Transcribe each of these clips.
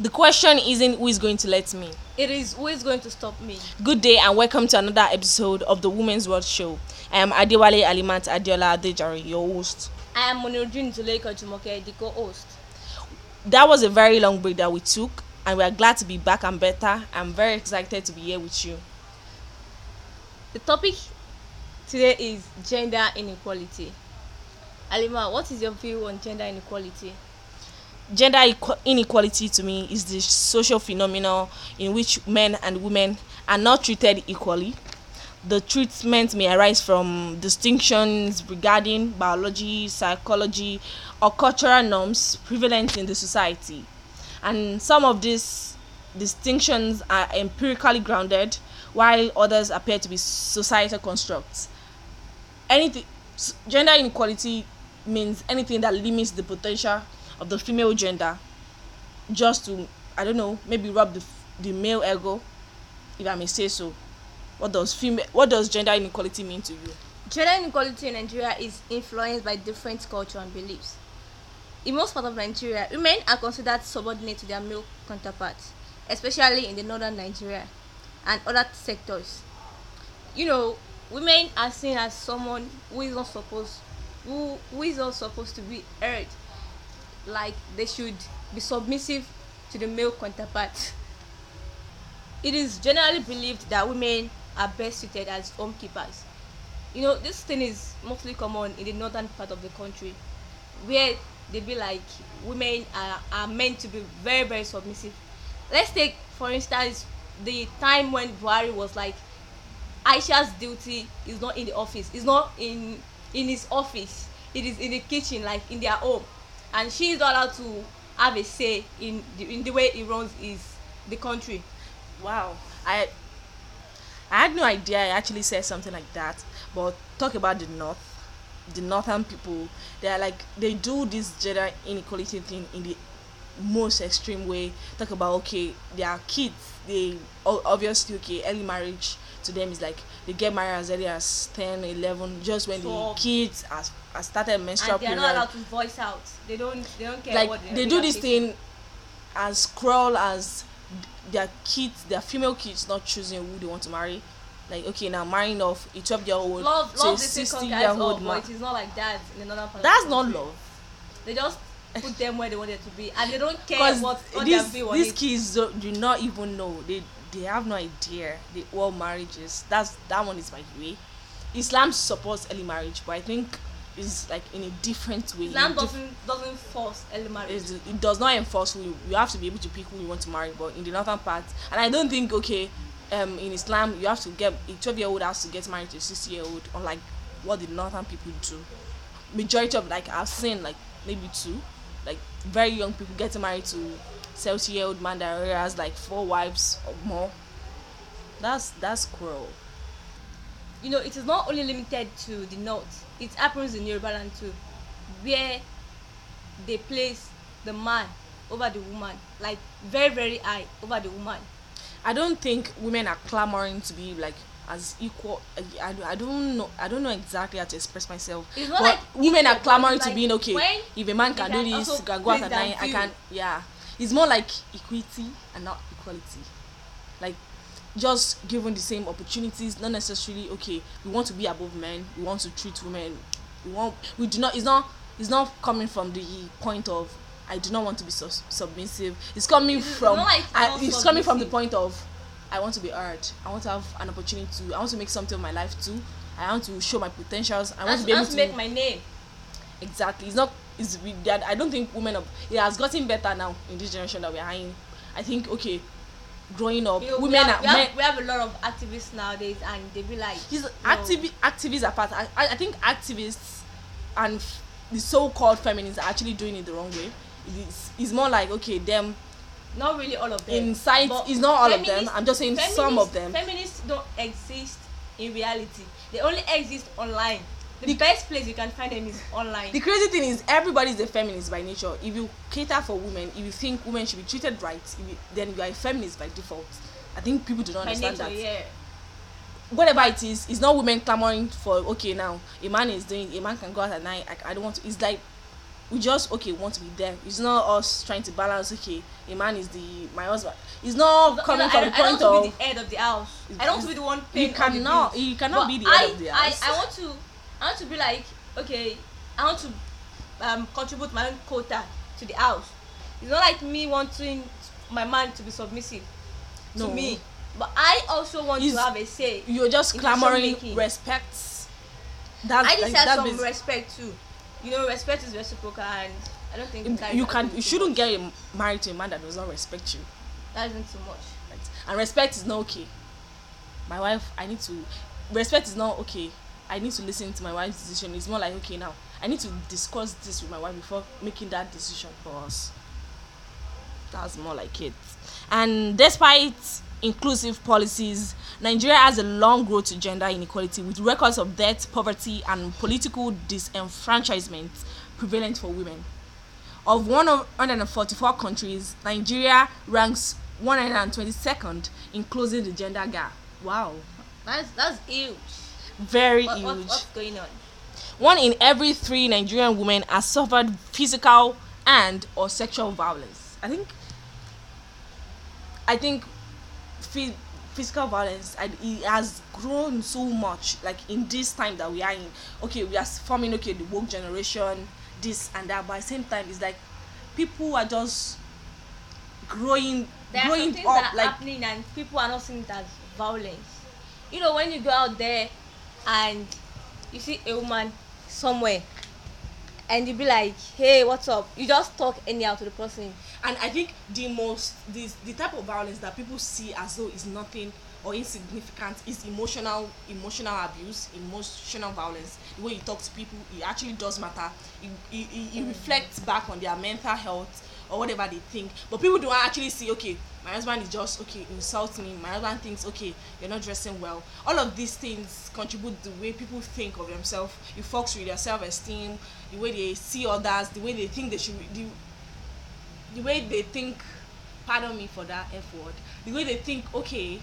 The question isn't who is going to let me. It is who is going to stop me. Good day and welcome to another episode of the Women's World Show. I am Adewale Alimant Adeola Adejari, your host. I am Monirjun Zuleika Jumoke, the co-host. That was a very long break that we took and we are glad to be back and better. I'm very excited to be here with you. The topic today is gender inequality. Alima, what is your view on gender inequality? gender inequality to me is the social phenomenon in which men and women are not treated equally. The treatment may arise from distinctions regarding biology, psychology, or cultural norms prevalent in the society. And some of these distinctions are empirically grounded, while others appear to be societal constructs. Anything, gender inequality means anything that limits the potential of the female gender just to i don't know maybe rub the, the male ego if i may say so what does female what does gender inequality mean to you gender inequality in nigeria is influenced by different culture and beliefs in most part of nigeria women are considered subordinate to their male counterparts especially in the northern nigeria and other sectors you know women are seen as someone who is not supposed who who is not supposed to be heard like they should be submissive to the male counterpart. It is generally believed that women are best suited as homekeepers. You know, this thing is mostly common in the northern part of the country where they be like women are, are meant to be very, very submissive. Let's take, for instance, the time when Buhari was like, Aisha's duty is not in the office, it's not in in his office, it is in the kitchen, like in their home and she is not allowed to have a say in the, in the way he runs his the country. Wow, I I had no idea I actually said something like that. But talk about the north, the northern people. They are like they do this gender inequality thing in the most extreme way. Talk about okay, their kids. They obviously okay early marriage to them is like they get married as early as 10 11 just when Four. the kids are, are started menstrual and period they're not allowed to voice out they don't they don't care like what they, they do this thing as cruel as their kids their female kids not choosing who they want to marry like okay now marrying off a 12 year old love, to love a 16 year old man it's not like that in another part that's not love they just put them where they wanted to be and they don't care what, what these, these kids do, do not even know they they have no idea the all marriages. That's that one is my way. Islam supports early marriage, but I think it's like in a different way. Islam doesn't doesn't force early marriage. It's, it does not enforce who you, you have to be able to pick who you want to marry. But in the northern part, and I don't think okay, um, in Islam you have to get a twelve year old has to get married to a six year old, unlike what the northern people do. Majority of like I've seen like maybe two very young people getting married to 70 year old man that has like four wives or more. That's that's cruel. You know, it is not only limited to the north, it happens in Yoruba land too, where they place the man over the woman, like very, very high over the woman. I don't think women are clamoring to be like as equal. I, I, I don't know. I don't know exactly how to express myself. It's not but like women are clamoring like to being okay. If a man can, can do this, can go out at nine. I can. Yeah, it's more like equity and not equality. Like just given the same opportunities, not necessarily okay. We want to be above men. We want to treat women. We want. We do not. It's not. It's not coming from the point of I do not want to be sub- submissive. It's coming it's from. Like I, it's coming from the point of I want to be heard. I want to have an opportunity to. I want to make something of my life too. I want to show my potentials. I want to, to be able to, make my name. Exactly. It's not. It's that I don't think women. Of, it has gotten better now in this generation that we're in. I think okay, growing up, you women we have, are, we, have, we have a lot of activists nowadays, and they be like. He's activi- activists apart. I, I think activists and the so-called feminists are actually doing it the wrong way. It's, it's more like okay, them not really all of them in sight it's not all of them i'm just saying some of them feminists don't exist in reality they only exist online the, the best place you can find them is online the crazy thing is everybody's a feminist by nature if you cater for women if you think women should be treated right you, then you are a feminist by default i think people do not by understand nature, that yeah whatever it is it's not women clamoring for okay now a man is doing a man can go out at night i, I don't want to it's like we just okay want to be there it's not us trying to balance okay a man is the my husband it's not but, coming no, from the point I don't of to be the head of the house i don't want to be the one paying you cannot you cannot but be the head of the house I, I want to i want to be like okay i want to um, contribute my own quota to the house it's not like me wanting my man to be submissive no. to me but i also want it's, to have a say you're just clamoring respect that's i deserve like, some respect too you know, respect is reciprocal, and I don't think it, you can. You shouldn't much. get married to a man that does not respect you. That isn't too much. Right. And respect is not okay. My wife, I need to. Respect is not okay. I need to listen to my wife's decision. It's more like okay now. I need to discuss this with my wife before making that decision for us. That's more like it. And despite inclusive policies, Nigeria has a long road to gender inequality with records of death, poverty, and political disenfranchisement prevalent for women. Of 144 countries, Nigeria ranks 122nd in closing the gender gap. Wow. That's, that's huge. Very what, huge. What, what's going on? One in every three Nigerian women has suffered physical and or sexual violence. I think I think physical violence and it has grown so much like in this time that we are in okay we are forming okay the woke generation this and that but at the same time it's like people are just growing there growing up that like happening and people are not seeing it as violence you know when you go out there and you see a woman somewhere and you be like hey what's up you just talk anyhow to the person and i think the most the, the type of violence that people see as though is nothing or insignificant is emotional emotional abuse emotional violence the way you talk to people it actually does matter it it, it, it mm. reflects back on their mental health or whatever they think but people don't actually see okay my husband is just okay insult me my husband thinks okay you're not dressing well all of these things contribute the way people think of themselves it fucks with their self-esteem the way they see others the way they think they should the, the way they think pardon me for that f word the way they think okay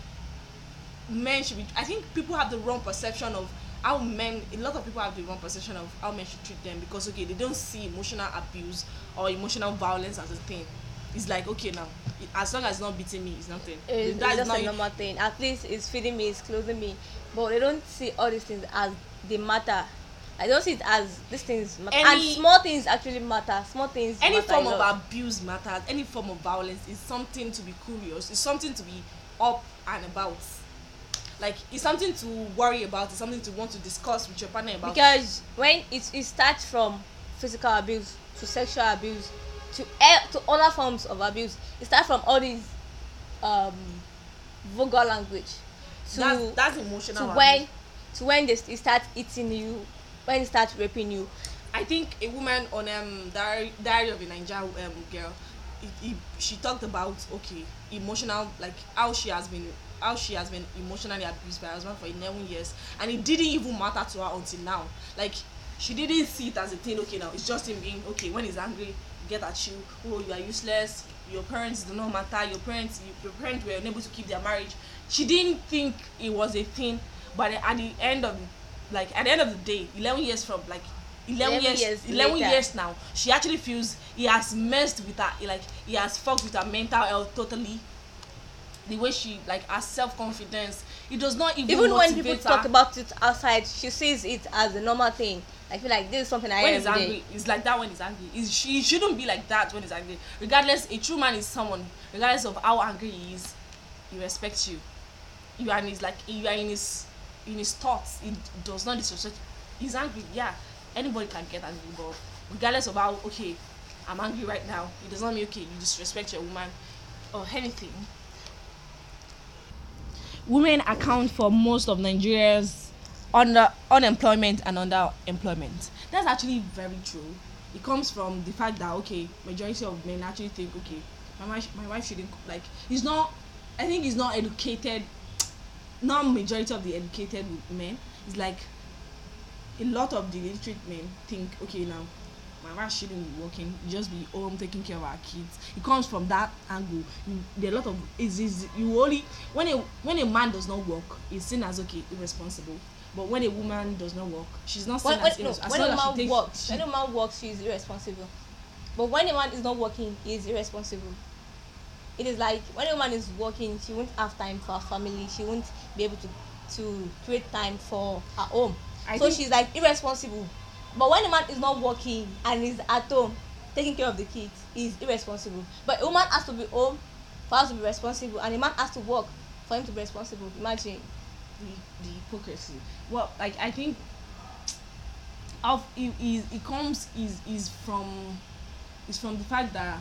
men should be i think people have the wrong perception of how men a lot of people have the wrong perception of how men should treat them because okay they don't see emotional abuse or emotional violence as a thing it's like okay now as long as it's not beating me it's nothing it's, that it's not a normal thing at least it's feeding me it's clothing me but they don't see all these things as the matter I don't see it as these things matter. Any, and small things actually matter. Small things. Any matter form of abuse matters. Any form of violence is something to be curious. It's something to be up and about. Like it's something to worry about. It's something to want to discuss with your partner about. Because when it, it starts from physical abuse to sexual abuse to eh, to other forms of abuse, it starts from all these um, vulgar language. To, that's, that's emotional. To when to when they start eating you when he starts raping you i think a woman on um diary, diary of a ninja um, girl it, it, she talked about okay emotional like how she has been how she has been emotionally abused by her husband for 11 years and it didn't even matter to her until now like she didn't see it as a thing okay now it's just him being okay when he's angry get at you oh you are useless your parents do not matter your parents your parents were unable to keep their marriage she didn't think it was a thing but at the end of like at the end of the day eleven years from like eleven 11 years, years years now she actually feels he has messed with her like he has fucked with her mental health totally the way she like her self-confidence it does not even even when people her. talk about it outside she sees it as a normal thing i feel like this is something i when he's angry day. it's like that when he's angry it's, she shouldn't be like that when he's angry regardless a true man is someone regardless of how angry he is he respects you you and he's like you are in his in his thoughts he does not disrespect. he's angry yeah anybody can get angry but regardless of how okay i'm angry right now it does not mean okay you disrespect your woman or anything women account for most of nigeria's under unemployment and underemployment that's actually very true it comes from the fact that okay majority of men actually think okay my wife my wife shouldn't like he's not i think he's not educated not majority of the educated men it's like a lot of the illiterate men think okay now my wife shouldn't be working just be home taking care of our kids it comes from that angle there are a lot of is is you only when a when a man does not work he's seen as okay irresponsible but when a woman does not work she's not seen when, as, when, no, as when a man takes, works she, when a man works she's irresponsible but when a man is not working he's irresponsible it is like when a woman is working she won't have time for her family she won't be able to to create time for her home I so she's like irresponsible but when a man is not working and is at home taking care of the kids he's irresponsible but a woman has to be home for her to be responsible and a man has to work for him to be responsible imagine the, the hypocrisy well like i think of it is it comes is is from is from the fact that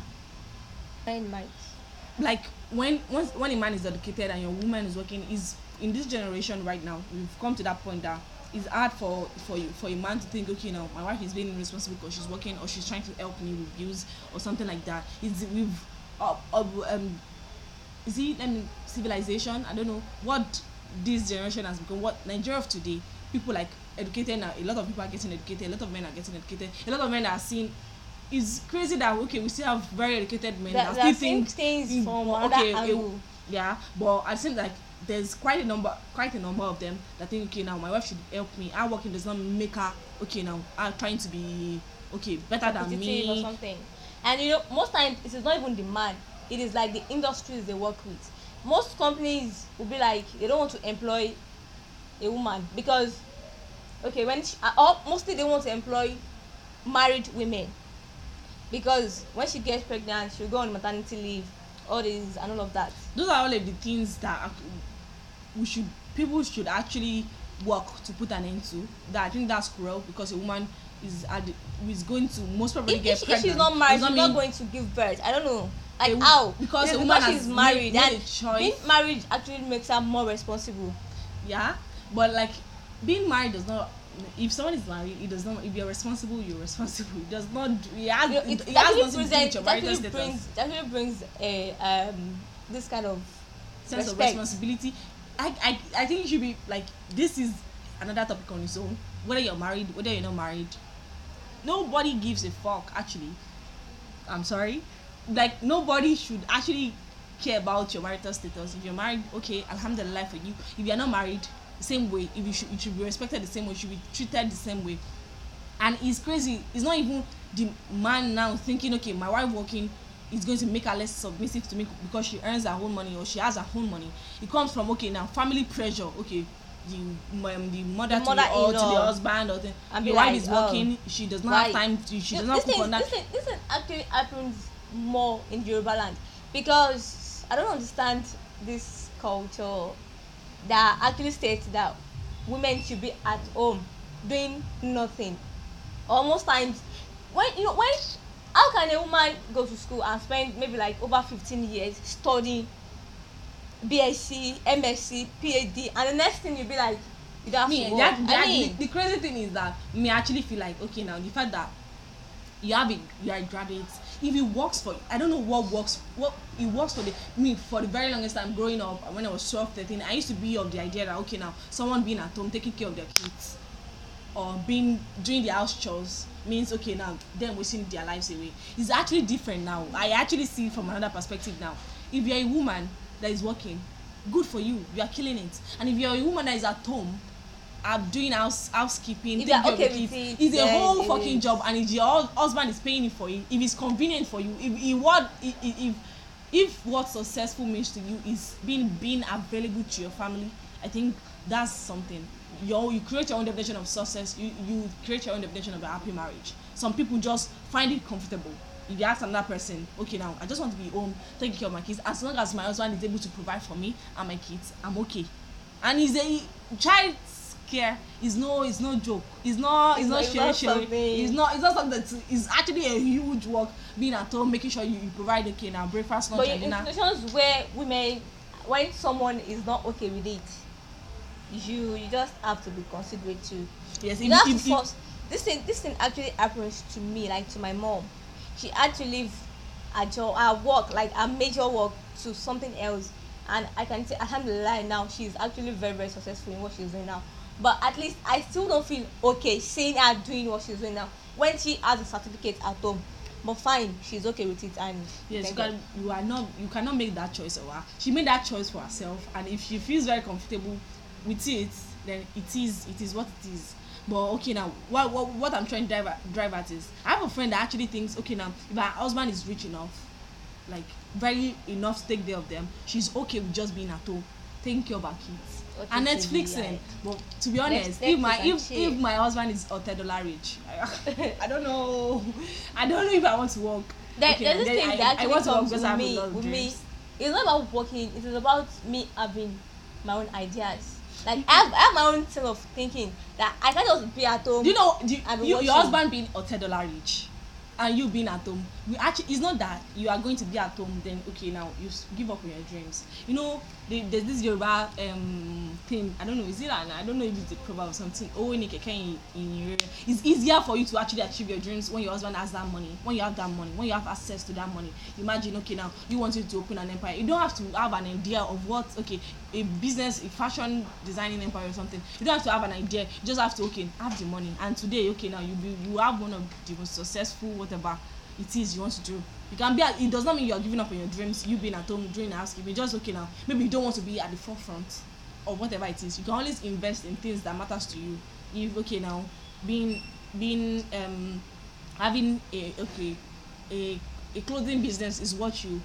mind mind like when once when a man is educated and your woman is working is in this generation right now we've come to that point that it's hard for for you for a man to think okay now my wife is being irresponsible because she's working or she's trying to help me with bills or something like that it's we've uh, uh, um is it um, civilization i don't know what this generation has become what nigeria of today people like educated now a lot of people are getting educated a lot of men are getting educated a lot of men are seeing it's crazy that okay we still have very educated men that, that still think things in, from okay, okay angle. yeah but I think same like there's quite a number quite a number of them that think okay now my wife should help me I working does not make her okay now I'm trying to be okay better than me or something and you know most times it is not even the man it is like the industries they work with most companies will be like they don't want to employ a woman because okay when she, or uh, mostly they want to employ married women because when she gets pregnant she'll go on maternity leave all this and all of that those are all of the things that we should people should actually work to put an end to that i think that's cruel because a woman is at the, is going to most probably if, get if, pregnant if she's not married she's not going to give birth i don't know like a, how because yes, a woman because she's married made, made and choice. being married actually makes her more responsible yeah but like being married does not if someone is married, it does not. If you're responsible, you're responsible. It does not. It has, you know, it, it has nothing to do with your marital status. Brings, brings a um, this kind of sense respect. of responsibility. I, I I think you should be like this is another topic on its own. Whether you're married, whether you're not married, nobody gives a fuck. Actually, I'm sorry. Like nobody should actually care about your marital status. If you're married, okay, alhamdulillah for you. If you're not married, the same way if you should, it should be respected the same way it should be treated the same way and it's crazy it's not even the man now thinking okay my wife working is going to make her less submissive to me because she earns her own money or she has her own money it comes from okay now family pressure okay the um, the mother, the mother to, the, or to the husband or the, and wife like, is working oh, she does not why? have time to, she does not cook on that this, thing, this thing actually happens more in Yoruba land because I don't understand this culture that actually states that women should be at home doing nothing or most times when you know when how can a woman go to school and spend maybe like over fifteen years studying bsc msc phd and the next thing you be like you don't have me, to work i mean the, the crazy thing is that me actually feel like okay now the fact that you have a you are a graduate if it works for you i don't know what works what it works for the me for the very longest time growing up when i was 12 13 i used to be of the idea that okay now someone being at home taking care of their kids or being doing the house chores means okay now them wasting their lives away it's actually different now i actually see it from another perspective now if you're a woman that is working good for you you are killing it and if you're a woman that is at home are doing house housekeeping taking care of the kids it, it's a whole fucking is. job and if your husband is paying it for you if it's convenient for you if if what if if, if what successful means to you is being being available to your family i think that's something your you create your own definition of success you you create your own definition of a happy marriage some people just find it comfortable if you ask another person okay now i just want to be home taking care of my kids as long as my husband is able to provide for me and my kids i'm okay and he's a child care is no is no joke is no is no shere shere is not is not something that is actually a huge work being at home making sure you, you provide the care na breakfast lunch and dinner. but in situations where women when someone is not okay with it you you just have to be considerate too. yes you if, have if, to this thing this thing actually happens to me like to my mom she had to leave her job her work like her major work to something else and i can say alhamdulilah now she is actually very very successful in what she is doing now but at least i still don't feel okay seeing her doing what she's doing now when she has a certificate at home but fine she's okay with it and yes you can you are not you cannot make that choice for her she made that choice for herself and if she feels very comfortable with it then it is it is what it is but okay now what what, what i'm trying to drive at, drive at is i have a friend that actually thinks okay now if her husband is rich enough like very enough to take care of them she's okay with just being at home taking care of her kids okay, and netflixing to eh, like, but to be honest Netflix if my if, if my husband is otedola rich I, I don't know i don't know if i want to work there, okay, there's this thing I, that actually I want to work with me, dreams. it's not about working it is about me having my own ideas like I have, I have my own thing of thinking that i can't just be at home you know you, and you, your husband being otedola rich and you being at home we actually it's not that you are going to be at home then okay now you give up on your dreams you know the, there's this yoruba um, thing i don't know is it an i don't know if it's a proverb or something owo ni keke in in it's easier for you to actually achieve your dreams when your husband has that money when you have that money when you have access to that money imagine okay now you wanted to open an empire you don't have to have an idea of what okay a business a fashion designing empire or something you don't have to have an idea you just have to okay have the money and today okay now you be you have one of the most successful whatever it is you want to do you can be it does not mean you are giving up on your dreams you being at home doing housekeeping just okay now maybe you don't want to be at the forefront or whatever it is you can always invest in things that matters to you if okay now being being um having a okay a a clothing business is what you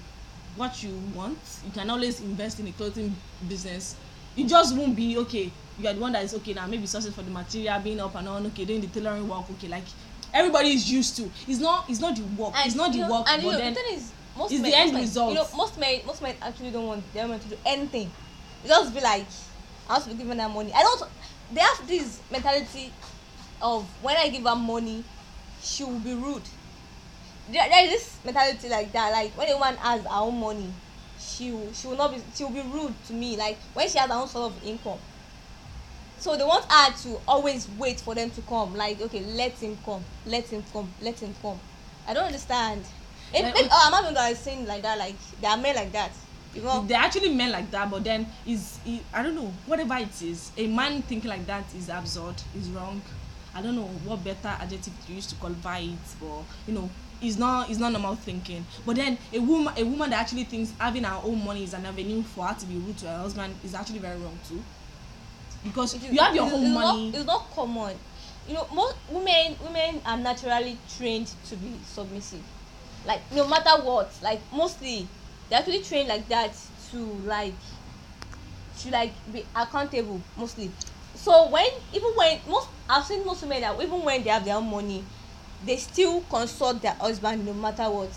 what you want you can always invest in a clothing business it just won't be okay you are the one that is okay now maybe sourcing for the material being up and on okay doing the tailoring work okay like everybody is used to it's not it's not the work and, it's not the know, work but know, then the is most it's men, the end men, result you know most men most men actually don't want their women to do anything they just be like i have to be giving them money i don't they have this mentality of when i give her money she will be rude there, there is this mentality like that like when a woman has her own money she will she will not be she will be rude to me like when she has her own sort of income so they want her to always wait for them to come like okay let him come let him come let him come i don't understand it, like, maybe, oh, i'm not going to understand like that like they are men like that you know they're actually men like that but then is i don't know whatever it is a man thinking like that is absurd is wrong i don't know what better adjective to use to qualify it but you know is not is not normal thinking. But then a woman a woman that actually thinks having her own money is an avenue for her to be rude to her husband is actually very wrong too. Because is, you have your own money. Not, it's not common. You know, most women women are naturally trained to be submissive. Like no matter what, like mostly they're actually trained like that to like to like be accountable mostly. So when even when most I've seen most women that even when they have their own money they still consult their husband no matter what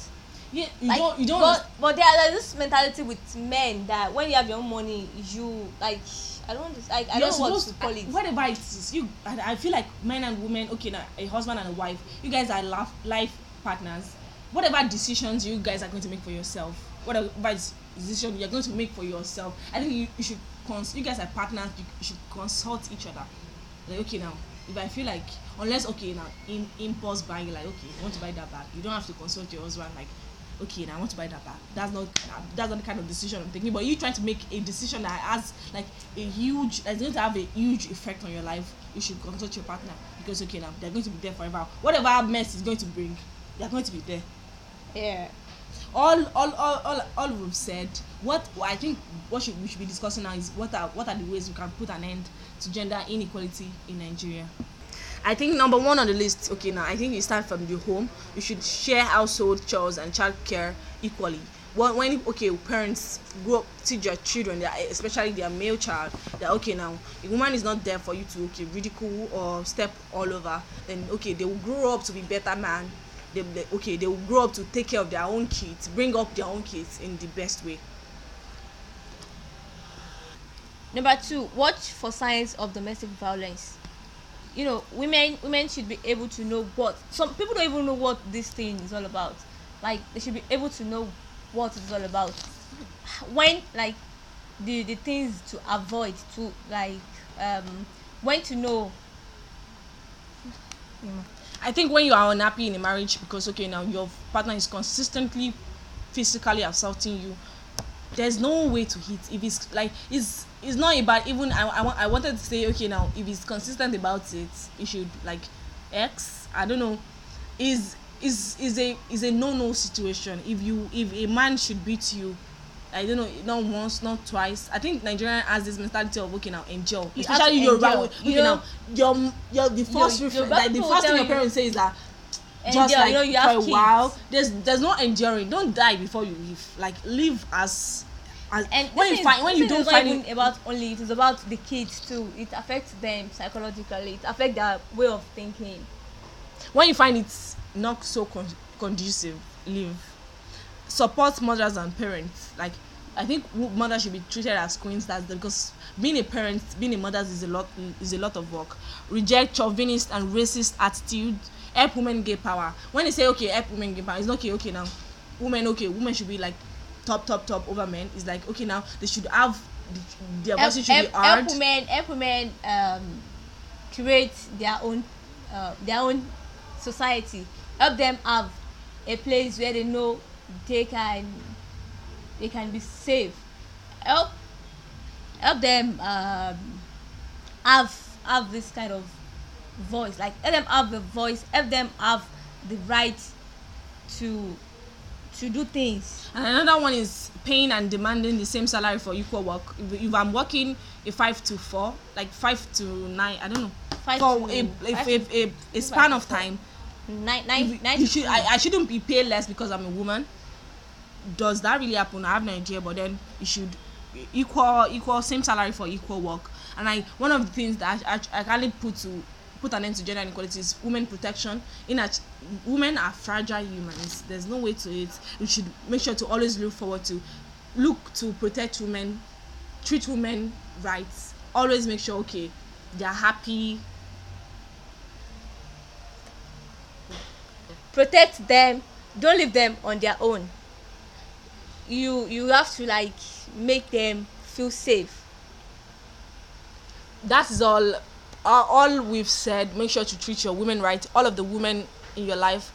yeah, you like, don't you don't but, but there is this mentality with men that when you have your own money you like i don't like i don't know what to call it whatever it you I, I feel like men and women okay now a husband and a wife you guys are life, life partners whatever decisions you guys are going to make for yourself whatever decision you're going to make for yourself i think you, you should cons you guys are partners you, you should consult each other like okay now if I feel like unless okay now in impulse buying like okay I want to buy that bag you don't have to consult your husband like okay now I want to buy that bag that's not that's not the kind of decision I'm taking. but you trying to make a decision that has like a huge that's going to have a huge effect on your life you should consult your partner because okay now they're going to be there forever whatever mess is going to bring they're going to be there yeah all all all all, all we've said what i think what should, we should be discussing now is what are what are the ways we can put an end to gender inequality in nigeria i think number one on the list okay now i think you start from the home you should share household chores and child care equally when, when okay parents grow up teach their children that especially their male child that okay now a woman is not there for you to okay ridicule or step all over then okay they will grow up to be better man they, they okay they will grow up to take care of their own kids bring up their own kids in the best way number two watch for signs of domestic violence you know women women should be able to know what some people don't even know what this thing is all about like they should be able to know what it's all about when like the the things to avoid to like um when to know I think when you are unhappy in a marriage because okay now your partner is consistently physically assaulting you there's no way to hit if it's like it's it's not about even I I, I wanted to say okay now if it's consistent about it you should like X I don't know is is is a is a no no situation if you if a man should beat you I don't know, not once, not twice. I think Nigerian has this mentality of okay now, angel. You Especially Yoruba, okay you know, now, your your the first your, your like the first thing your parents say is that just like you know, you for a kids. while, there's there's no enduring. Don't die before you leave. Like live as as and when you find when you don't find it about only it is about the kids too it affects them psychologically it affects their way of thinking when you find it's not so con conducive leave support mothers and parents like i think mothers should be treated as queens that's because being a parent being a mother is a lot is a lot of work reject chauvinist and racist attitude help women get power when they say okay help women get power it's not okay okay now women okay women should be like top top top over men it's like okay now they should have their voices should help, be heard help women help women um create their own uh, their own society help them have a place where they know they can they can be safe help help them um, have have this kind of voice like help them have the voice help them have the right to to do things and another one is paying and demanding the same salary for equal work if, if i'm working a five to four like five to nine i don't know five for to, a, a, a, a, a span of time nine, nine, nine you should, I, I shouldn't be paid less because i'm a woman does that really happen? I have no idea, but then you should equal equal same salary for equal work. And I one of the things that I, I, I can put to put an end to gender inequality is women protection. In that women are fragile humans. There's no way to it. We should make sure to always look forward to look to protect women, treat women rights. Always make sure okay, they're happy. Protect them. Don't leave them on their own. you you have to like make them feel safe that is all uh, all we've said make sure to treat your women right all of the women in your life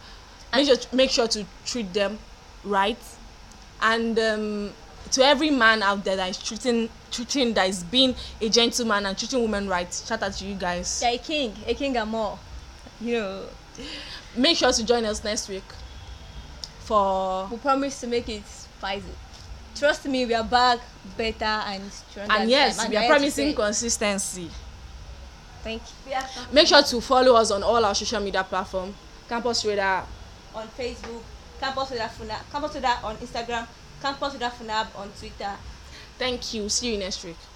make sure to, make sure to treat them right and um, to every man out there that is treating treating that is being a gentleman and treating women right shout out to you guys yeah, a king a king and more you know make sure to join us next week for we promise to make it sacrifice it. Trust me, we are back better and stronger. And yes, and we are promising consistency. Thank you. Make sure to follow us on all our social media platforms: Campus Radar on Facebook, Campus Radar Funab, Campus Radar on Instagram, Campus Radar Funab on Twitter. Thank you. See you next week.